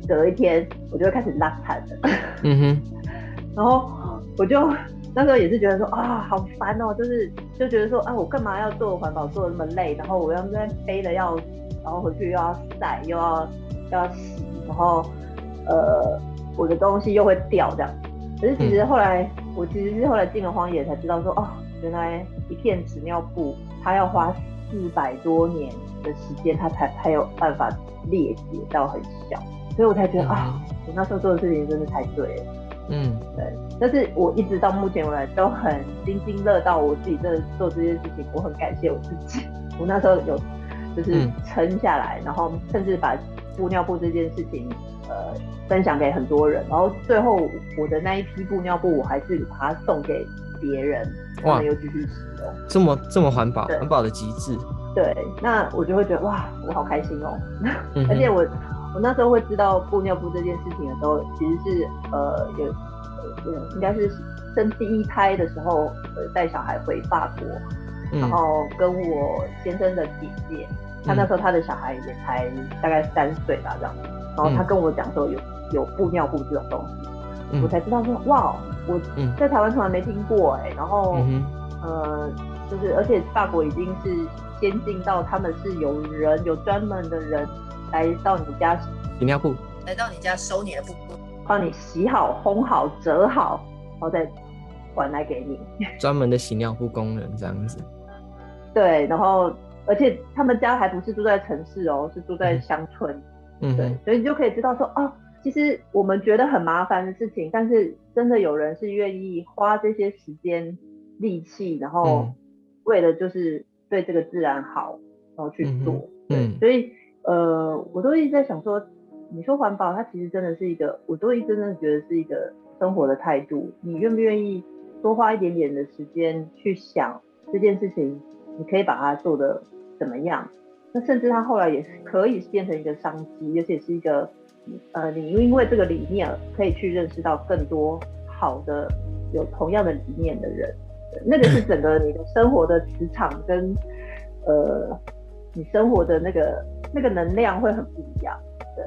隔一天我就會開始拉殘了。嗯、 然後我就那時候也是覺得說啊，好煩哦、喔，就是就覺得說啊，我幹嘛要做環保做的那麼累？然後我要那邊背的要，然後回去又要曬又要又要洗，然後呃我的東西又會掉這樣。可是其實後來、嗯、我其實是後來進了荒野才知道說哦、啊，原來。一片紙尿布，它要花四百多年的時間，它才才有辦法裂解到很小，所以我才覺得、嗯、啊，我那時候做的事情真的是太對了。嗯，對。但是我一直到目前為止都很津津樂道，我自己真的做這件事情，我很感謝我自己。我那時候有就是撐下來、嗯，然後甚至把布尿布這件事情呃分享給很多人，然後最後我的那一批布尿布，我還是把它送給別人。哇，又繼續使用。這麼這麼環保，環保的極致。對，那我就會覺得哇，我好開心哦、喔。嗯、 而且我我那時候會知道布尿布這件事情的時候，其實是呃有呃應該是生第一胎的時候，呃帶小孩回法國，然後跟我先生的姐姐、嗯，他那時候他的小孩也才大概三歲吧這樣子，然後他跟我講說有、嗯、有布尿布這種東西。嗯、我才知道說哇，我在台灣從來沒聽過哎、欸，然後、嗯、呃，就是而且法國已經是先進到他們是有人有專門的人來到你家洗尿布，來到你家收你的布，幫你洗好、烘好、折好，然後再還來給你。專門的洗尿布工人這樣子。 對，然後而且他們家還不是住在城市哦、喔，是住在鄉村。嗯，對嗯，所以你就可以知道說哦。啊其實我們覺得很麻煩的事情，但是真的有人是願意花這些時間力氣，然後為了就是對這個自然好，然後去做。對，所以呃，我都一直在想說，你說環保它其實真的是一個，我都一直真的覺得是一個生活的態度。你願不願意多花一點點的時間去想這件事情？你可以把它做得怎麼樣？那甚至它後來也是可以變成一個商機，而且是一個。呃，你因為這個理念，可以去認識到更多好的、有同樣的理念的人，對，那個是整個你的生活的磁場跟呃你生活的那個那個能量會很不一樣，對，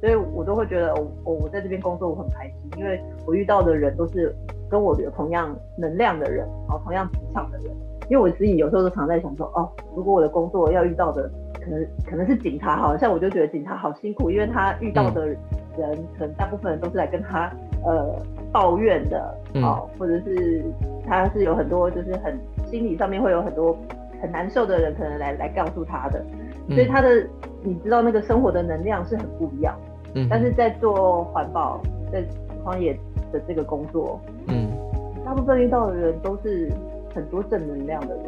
所以我都會覺得我，我我在這邊工作，我很開心，因為我遇到的人都是跟我有同樣能量的人，好，同樣磁場的人，因為我自己有時候都常在想說，哦，如果我的工作要遇到的，可能可能是警察好，好像我就覺得警察好辛苦，因為他遇到的人，嗯、可能大部分人都是來跟他呃抱怨的、嗯，哦，或者是他是有很多就是很心理上面會有很多很難受的人，可能來來告訴他的、嗯，所以他的你知道那個生活的能量是很不一樣，嗯，但是在做環保在荒野的這個工作，嗯，大部分遇到的人都是很多正能量的人，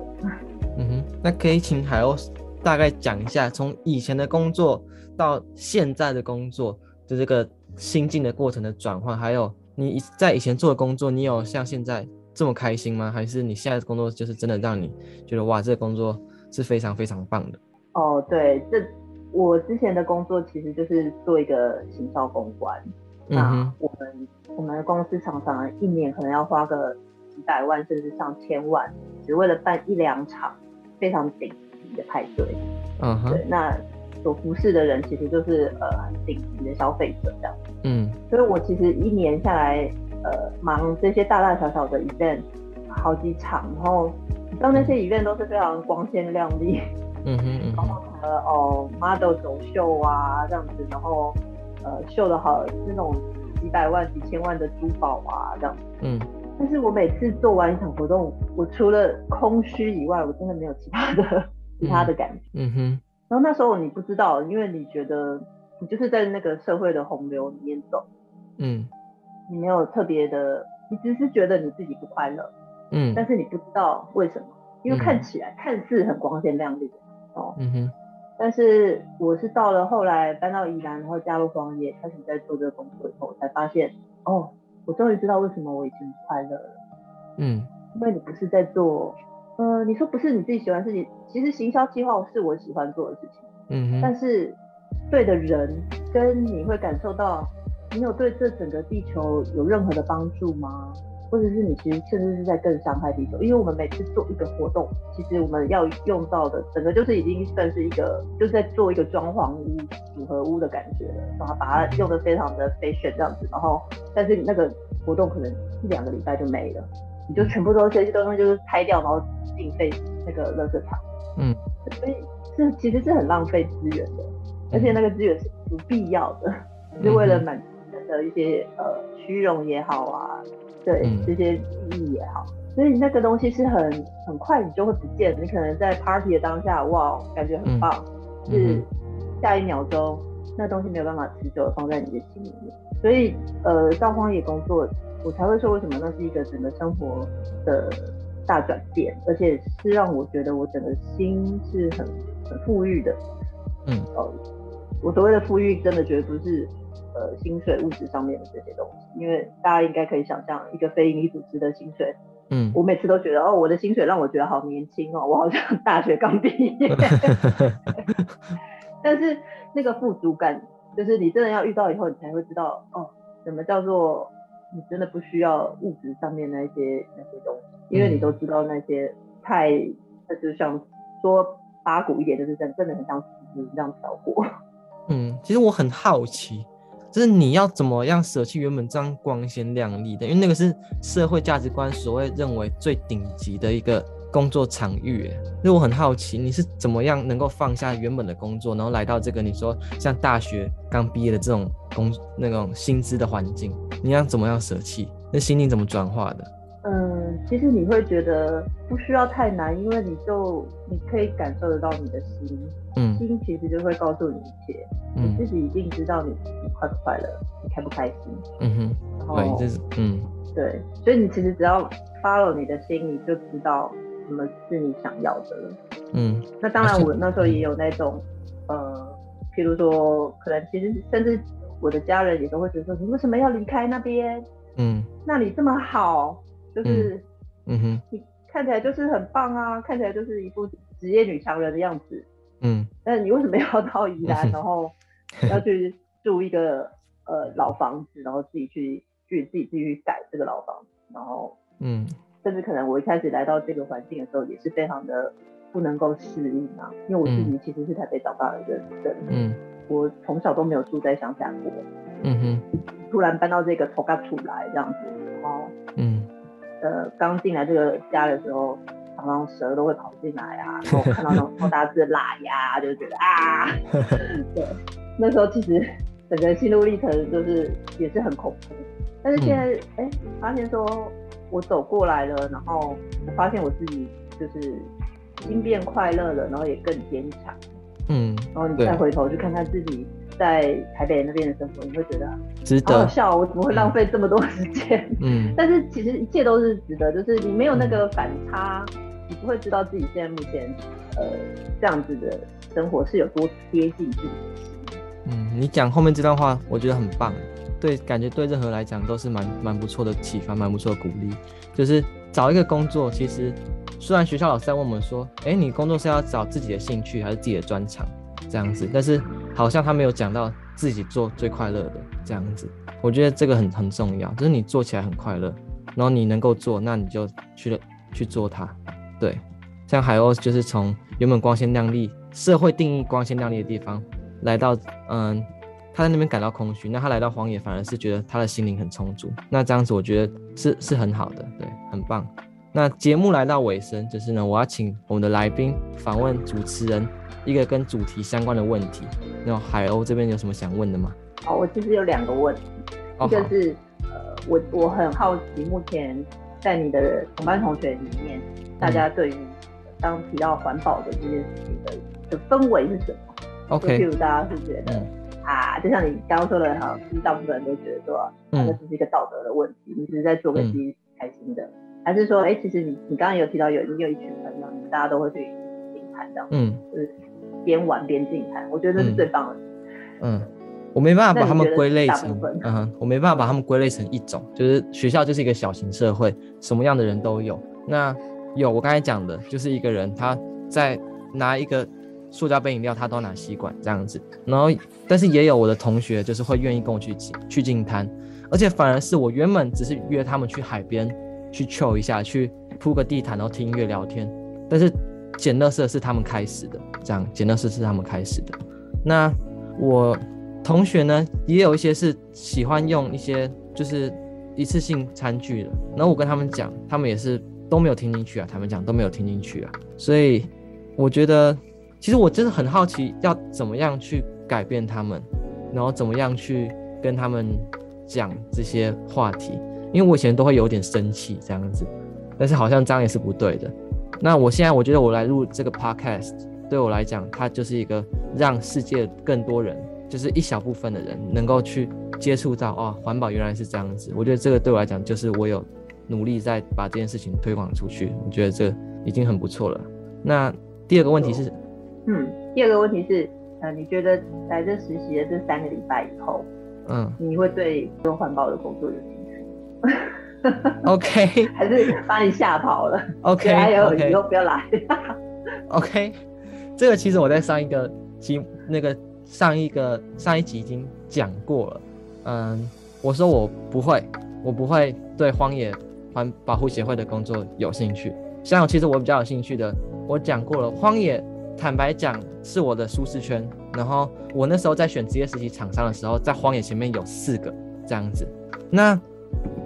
嗯哼，那可以請海鷗。大概講一下，從以前的工作到現在的工作，就這個心境的過程的轉換，還有你在以前做的工作，你有像現在這麼開心嗎？還是你現在的工作就是真的讓你覺得哇，這個工作是非常非常棒的？哦，對，這我之前的工作其實就是做一個行銷公關，那我們、嗯哼、我們公司常常一年可能要花個幾百萬甚至上千萬，只為了辦一兩場，非常頂。的派對，嗯、uh -huh. 對，那所服侍的人其實就是呃頂級的消費者這樣，嗯，所以我其實一年下來，呃，忙這些大大小小的 event 好幾場，然後當那些 event 都是非常光鮮亮麗，嗯哼，嗯哼，然後什麼哦 model 走秀啊這樣子，然後呃秀的好那種幾百萬幾千萬的珠寶啊這樣子，嗯，但是我每次做完一場活動，我除了空虛以外，我真的沒有其他的。其他的感覺嗯，嗯哼，然後那時候你不知道，因為你覺得你就是在那個社會的洪流裡面走，嗯，你沒有特別的，你只是覺得你自己不快樂，嗯，但是你不知道為什麼，因為看起來、嗯、看似很光鮮亮麗哦，嗯哼，但是我是到了後來搬到宜蘭，然後加入荒野，開始在做這個工作以後，才發現，哦，我終於知道為什麼我已經不快樂了，嗯，因為你不是在做。呃，你說不是你自己喜歡是你，其實行銷計劃是我喜歡做的事情。嗯哼，但是對的人跟你會感受到，你有對這整個地球有任何的幫助嗎？或者是你其實甚至是在更傷害地球？因為我們每次做一個活動，其實我們要用到的整個就是已經算是一個，就是在做一個裝潢屋組合屋的感覺了，把把它用的非常的 fashion 這樣子，然後但是那個活動可能一兩個禮拜就沒了。你就全部都這些東西就是拆掉，然後進廢那個垃圾場。嗯，所以這其實是很浪費資源的，嗯，而且那個資源是不必要的，嗯、 就是為了滿足人的一些呃虛榮也好啊，對、嗯、這些利益也好，所以那個東西是很很快你就會不見。你可能在 party 的當下，哇，感覺很棒，嗯、是、嗯嗯、下一秒鐘，那東西沒有辦法持久的放在你的心裡面。所以呃，到荒野工作，我才會說，為什麼那是一個整個生活的大轉變，而且是讓我覺得我整個心是很很富裕的。嗯，哦，我所謂的富裕，真的覺得不是呃薪水物質上面的這些東西，因為大家應該可以想象一個非營利組織的薪水。嗯，我每次都覺得哦，我的薪水讓我覺得好年輕哦，我好像大學剛畢業。 但是那個富足感，就是你真的要遇到以後，你才會知道哦，什麼叫做。你真的不需要物質上面那些那些東西，因為你都知道那些太，嗯、太太就是像說八股一點，就是真真的很像四肢這樣跳過。嗯，其實我很好奇，就是你要怎麼樣捨棄原本這樣光鮮亮麗的，因為那個是社會價值觀所謂認為最頂級的一個工作場域，那我很好奇，你是怎麼樣能夠放下原本的工作，然後來到這個你說像大學剛畢業的這種工那種薪資的環境，你要怎麼樣捨棄？那心靈怎麼轉化的？嗯，其實你會覺得不需要太難，因為你就你可以感受得到你的心，嗯，心其實就會告訴你一切，嗯，你自己一定知道你自己快不快樂，你開不開心，嗯哼，然後，對，這是，嗯，對，所以你其實只要 follow 你的心，你就知道。什麼是你想要的？嗯，那當然，我那時候也有那種，嗯、呃，譬如說，可能其實甚至我的家人也都會覺得說，你為什麼要離開那邊？嗯，那裡這麼好，就是嗯，嗯哼，你看起來就是很棒啊，看起來就是一副職業女強人的樣子。嗯，那你為什麼要到宜蘭，嗯，然後要去住一個、嗯、呃，老房子，然後自己去 去自己自己去改這個老房子，然後，嗯。甚至可能我一開始來到這個環境的時候，也是非常的不能夠適應啊，因為我自己其實是台北長大的人，嗯，對我從小都沒有住在鄉下過，嗯哼，突然搬到這個土埆厝來這樣子，然後，嗯，呃，剛進來這個家的時候，常常蛇都會跑進來啊，然後看到那種超大隻的蠟鴨， 就覺得啊， 對，那時候其實。整個心路歷程就是也是很恐怖，但是現在哎、嗯欸，發現說我走過來了，然後發現我自己就是心變快樂了，然後也更堅強。嗯，然後你再回頭去看看自己在台北那邊的生活，你會覺得值得。好、啊、笑，我怎麼會浪費這麼多時間？嗯， 但是其實一切都是值得，就是你沒有那個反差，嗯、你不會知道自己現在目前呃這樣子的生活是有多貼近自己。嗯，你講後面這段話，我覺得很棒，對，感覺對任何人來講都是蠻蠻不錯的啟發，蠻不錯的鼓勵。就是找一個工作，其實雖然學校老師在問我們說，誒、欸，你工作是要找自己的興趣還是自己的專長這樣子，但是好像他沒有講到自己做最快樂的這樣子。我覺得這個很很重要，就是你做起來很快樂，然後你能夠做，那你就去了去做它。對，像海鷗就是從原本光鮮亮麗，社會定義光鮮亮麗的地方。來到，嗯，他在那邊感到空虛。那他來到荒野，反而是覺得他的心靈很充足。那這樣子，我覺得是是很好的，對，很棒。那節目來到尾聲，就是呢，我要請我們的來賓訪問主持人一個跟主題相關的問題。那海鷗這邊有什麼想問的嗎？哦，我其實有兩個問題，一個，哦，就是呃，我我很好奇，目前在你的同班同學裡面，嗯、大家對於當提到環保的這件事情的的氛圍是什麼？OK，就大家是覺得、嗯、啊，就像你剛剛說的，好像大部分人都覺得說，啊，那只是一個道德的問題，嗯、你只是在做個自開心的、嗯，還是說，哎、欸，其實你你剛剛有提到有樂一群朋友，你們大家都會去競拍的，嗯，就是邊玩邊競拍，我覺得這是最棒的。嗯，我沒辦法把他們歸類成，嗯，我沒辦法把他們歸類、嗯、類成一種， 就是學校就是一個小型社會，什麼樣的人都有。那有我剛才講的，就是一個人他在拿一個塑膠杯飲料，他都拿吸管這樣子，然後但是也有我的同學就是會願意跟我去去淨灘，而且反而是我原本只是約他們去海邊去 chill 一下，去鋪個地毯，然後聽音樂聊天，但是撿垃圾是他們開始的，這樣撿垃圾是他們開始的。那我同學呢，也有一些是喜歡用一些就是一次性餐具的，然後我跟他們講，他們也是都沒有聽進去啊，他們講都沒有聽進去啊，所以我覺得。其實我真的很好奇，要怎麼樣去改變他們，然後怎麼樣去跟他們講這些話題。因為我以前都會有點生氣這樣子，但是好像這樣也是不對的。那我現在我覺得我來錄這個 podcast，對我來講，它就是一個讓世界更多人，就是一小部分的人，能夠去接觸到哦，環保原來是這樣子。我覺得這個對我來講，就是我有努力在把這件事情推廣出去。我覺得這已經很不錯了。那第二個問題是。嗯，第二個問題是，呃，你覺得來這實習的這三個禮拜以後，嗯，你會對做環保的工作有興趣？OK， 還是把你嚇跑了？OK，還 有、okay. 以後不要來、啊。OK，這個其實我在上一個集那個上一個上一集已經講過了，嗯，我說我不會，我不會對荒野環保護協會的工作有興趣。像我其實我比較有興趣的，我講過了荒野。坦白講，是我的舒適圈。然後我那時候在選職業實習廠商的時候，在荒野前面有四個這樣子。那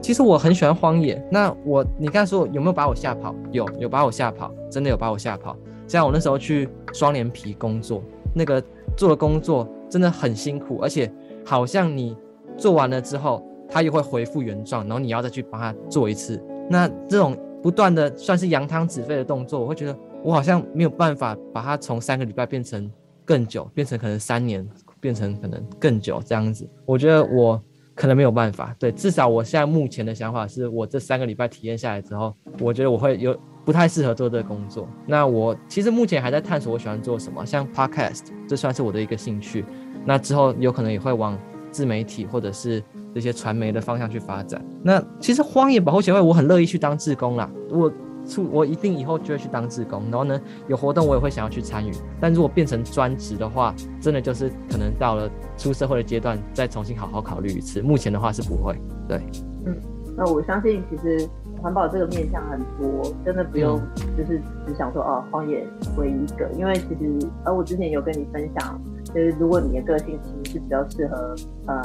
其實我很喜歡荒野。那我你剛才說有沒有把我嚇跑？有，有把我嚇跑，真的有把我嚇跑。像我那時候去雙連埤工作，那個做的工作真的很辛苦，而且好像你做完了之後，它又會恢復原狀，然後你要再去幫它做一次。那這種不斷的算是揚湯止沸的動作，我會覺得。我好像沒有辦法把它從三個禮拜變成更久，變成可能三年，變成可能更久這樣子。我覺得我可能沒有辦法。對，至少我現在目前的想法是我這三個禮拜體驗下來之後，我覺得我會有不太適合做這個工作。那我其實目前還在探索我喜歡做什麼，像 Podcast 這算是我的一個興趣。那之後有可能也會往自媒體或者是這些傳媒的方向去發展。那其實荒野保護協會，我很樂意去當志工啦。我。出我一定以後就會去當志工，然後呢，有活動我也會想要去參與。但如果變成專職的話，真的就是可能到了出社會的階段再重新好好考慮一次。目前的話是不會。對，嗯，那我相信其實環保這個面向很多，真的不用、嗯、就是只想說哦，荒野唯一一個，因為其實而、啊、我之前有跟你分享，就是如果你的個性其實是比較適合呃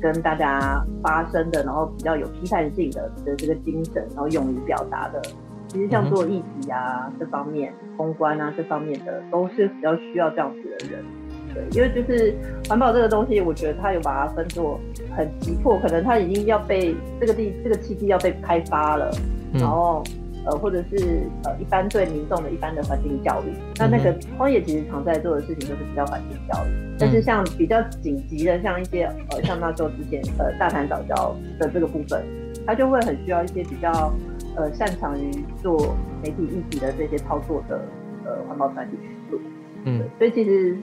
跟大家發聲的，然後比較有批判性的的、就是、這個精神，然後勇於表達的。其實像做議題啊、嗯、這方面、公關啊這方面的，都是比較需要這樣子的人，對，因為就是環保這個東西，我覺得它有把它分作很急迫，可能它已經要被這個地，這個棲地要被開發了，嗯、然後呃，或者是呃一般對民眾的一般的環境教育、嗯，那那個荒野其實常在做的事情就是比較環境教育，嗯、但是像比較緊急的，像一些呃像那時候之前呃大潭藻礁的這個部分，他就會很需要一些比較呃，擅長於做媒體議題的這些操作的呃環保團體去做，嗯，所以其實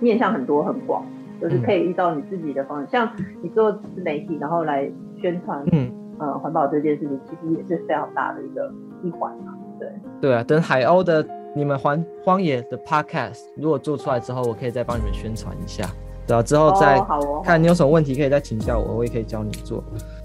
面向很多很廣，就是可以依照你自己的方向，嗯，像你做媒體，然後來宣傳，嗯，呃，環保這件事情其實也是非常大的一個一環嘛，對，對啊，等海鷗的你們環荒野的 podcast 如果做出來之後，我可以再幫你們宣傳一下，然後之後再看你有什麼問題可以再請教我，我也可以教你做，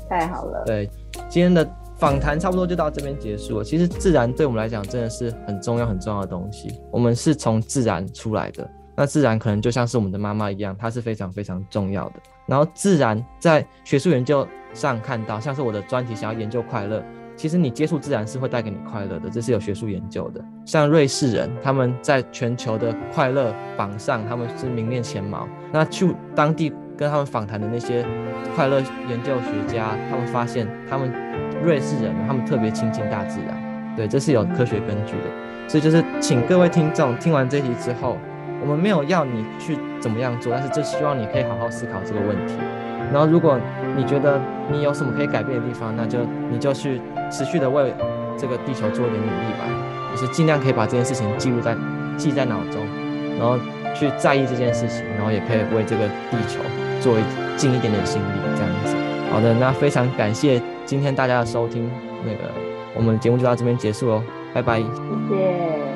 太好了，對，今天的。訪談差不多就到這邊結束了。其實自然對我們來講真的是很重要很重要的東西。我們是從自然出來的，那自然可能就像是我們的媽媽一樣，它是非常非常重要的。然後自然在學術研究上看到，像是我的專題想要研究快樂，其實你接觸自然是會帶給你快樂的，這是有學術研究的。像瑞士人，他們在全球的快樂榜上他們是名列前茅。那去當地跟他們訪談的那些快樂研究學家，他們發現他們。瑞士人他們特別親近大自然，對，這是有科學根據的。所以就是請各位聽眾聽完這集之後，我們沒有要你去怎麼樣做，但是就希望你可以好好思考這個問題。然後如果你覺得你有什麼可以改變的地方，那就你就去持續的為這個地球做一點努力吧。就是儘量可以把這件事情記錄在記在腦中，然後去在意這件事情，然後也可以為這個地球做一,盡一點點心力，這樣子。好的，那非常感謝。今天大家的收聽，那個，我們的節目就到這邊結束嘍，拜拜，謝謝。